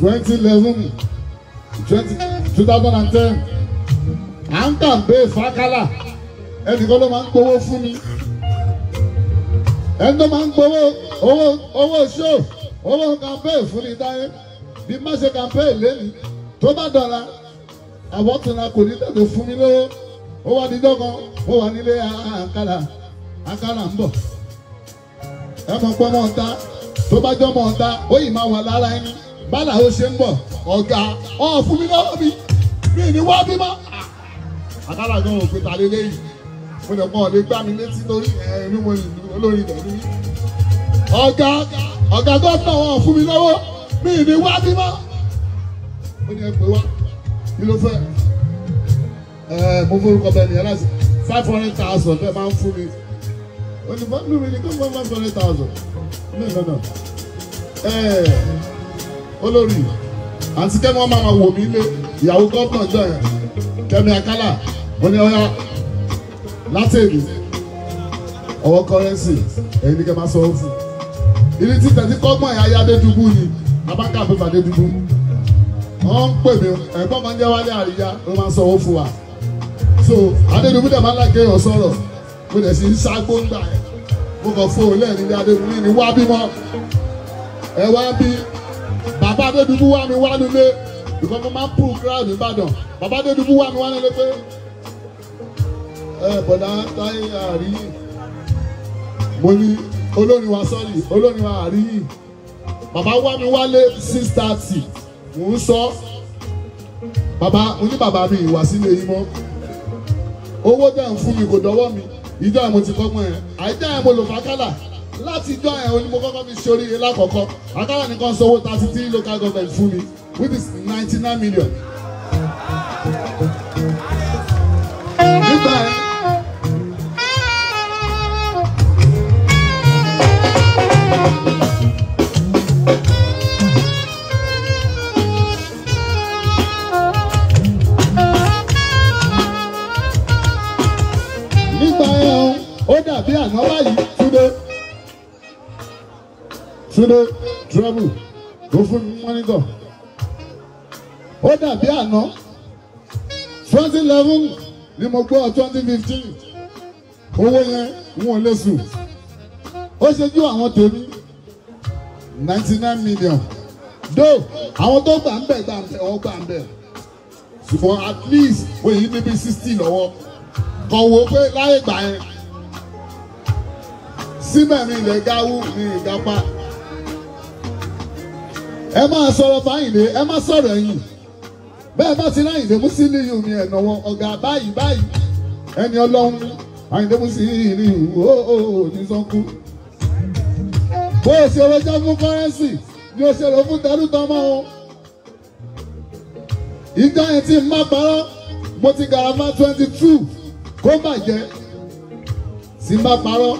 2011 2010 à ń kàǹbé fákálà ẹnìkan ló máa ń gbowó fún mi ẹni tó máa ń gbowó owó owó ṣó owó kàǹbé fún mi dáyé bí má ṣe kàǹbé lẹ́nu tó bá dọ̀la àbọ̀túnra kò ní tètè fún mi lówó ó wá dídọ́ kan ó wà nílé àkàlà àkàlà ń bọ̀ ẹ mọ̀ pọ́n mọ́ ta tó bá jọ mọ̀ ọ́ta ó yìí máa wà lára ẹni bálà ó ṣe ń bọ̀ ọ̀gá ọ̀ mi lọ́wọ́ mi mi ní wá bímọ. Ah, àtàlà gan ò pé ta lé mo lè mọ̀ lè gbá mi létí lórí ẹ̀mí mo olórí rẹ̀ ní. ọ̀gá ọ̀gá gọ́ọ̀nà ọ̀ mi lọ́wọ́ mi ní wá bímọ. ó ní ẹ pé wá kí ló fẹ́ ẹ mo forúkọ bẹ́ẹ̀ nìyẹn láti five hundred thousand bẹ́ẹ̀ máa ń fún mi. Only one million. You come one man for eight thousand. No, no, no. Eh, olórí, àti kẹ́mi wọ́n máa ma wò mí lé ìyàwó gọ́ọ̀nà jọ yẹn. Kẹ́mi Akálà, wọ́n ní ọ̀yà látẹ̀lì. Ọwọ́ kọ́rẹ́nsì, ẹ̀yin ni kẹ́ máa You ọ́ fún. Ilé tí tẹ̀sí kọ́gbọ̀n ẹ̀yà Adédúgbù ni, Abáka Abébà Adédúgbù. Wọ́n ń pè to ẹ̀gbọ́n máa ń jẹ́ wálé àríyá, ló máa you sọ owó fún wa. So, Adédúgbù dẹ̀ máa ń láì kéèyàn sọ̀rọ̀ mo dẹ̀ sì ń ságbó ń mo kàn fóun lẹ́ẹ̀ni ní adébúlé ni wá bímọ ẹ wá bí bàbá adédùbú wá mi wá nílé ìgbà mo máa ń pùl crowd ìbàdàn bàbá adédùbú wá mi wá nílé pé ẹ bọ̀dá táyé àríyìn mo ní olórin wa sọ́ọ̀lì olórin wa àríyìn bàbá wá mi wálé six thirty mò ń sọ bàbá mo ní bàbá mi ìwà sílé yìí mọ́ owó dẹ̀ ń fún mi kò dọ́wọ́ mi ìjọ àmọ́ ti kọ́gbọ́n yẹn àìjọ yẹn mo lò fàkàlà láti ìjọ yẹn oní mo kọ́kọ́ fi ṣorí ilé àkọ́kọ́ àkàlà nìkan sanwó thirty three local government fún mi which is ninety nine million. ó dàbí àná báyìí túnde túnde trouble tó fún mi mọ́nítọ̀ ó dàbí àná twenty eleven ni mo gbọ́ twenty fifteen owó yẹn wọn ò lè sùn ó ṣojú àwọn tèmi ninety nine million do àwọn tó gbà ń bẹ̀ gbà ń bẹ̀ ọ́ gbà ń bẹ̀ ṣùgbọ́n at least wọ́n yìí níbi sixty lọ́wọ́ kọ̀wé pé láyé gbà yẹn síbẹ̀ mi lè gáwú mi ìgápá. ẹ máa sọ̀rọ̀ fáyìnlé ẹ má sọ̀rọ̀ ẹ̀yìn bẹ́ẹ̀ bá ti láyìnlé mú sí níyù mi ẹ̀nà wọn ọ̀gá báyìí báyìí ẹni ọlọ́run àyìnlé mú sí níyù ó ní sọ́kú. bó o ṣe rojọ́ fún ni o ṣe fún tẹlutọmọ o. ìjọ yẹn ti má parọ́ mo ti gàràmà twenty two kó bàjẹ́ tí n bá parọ́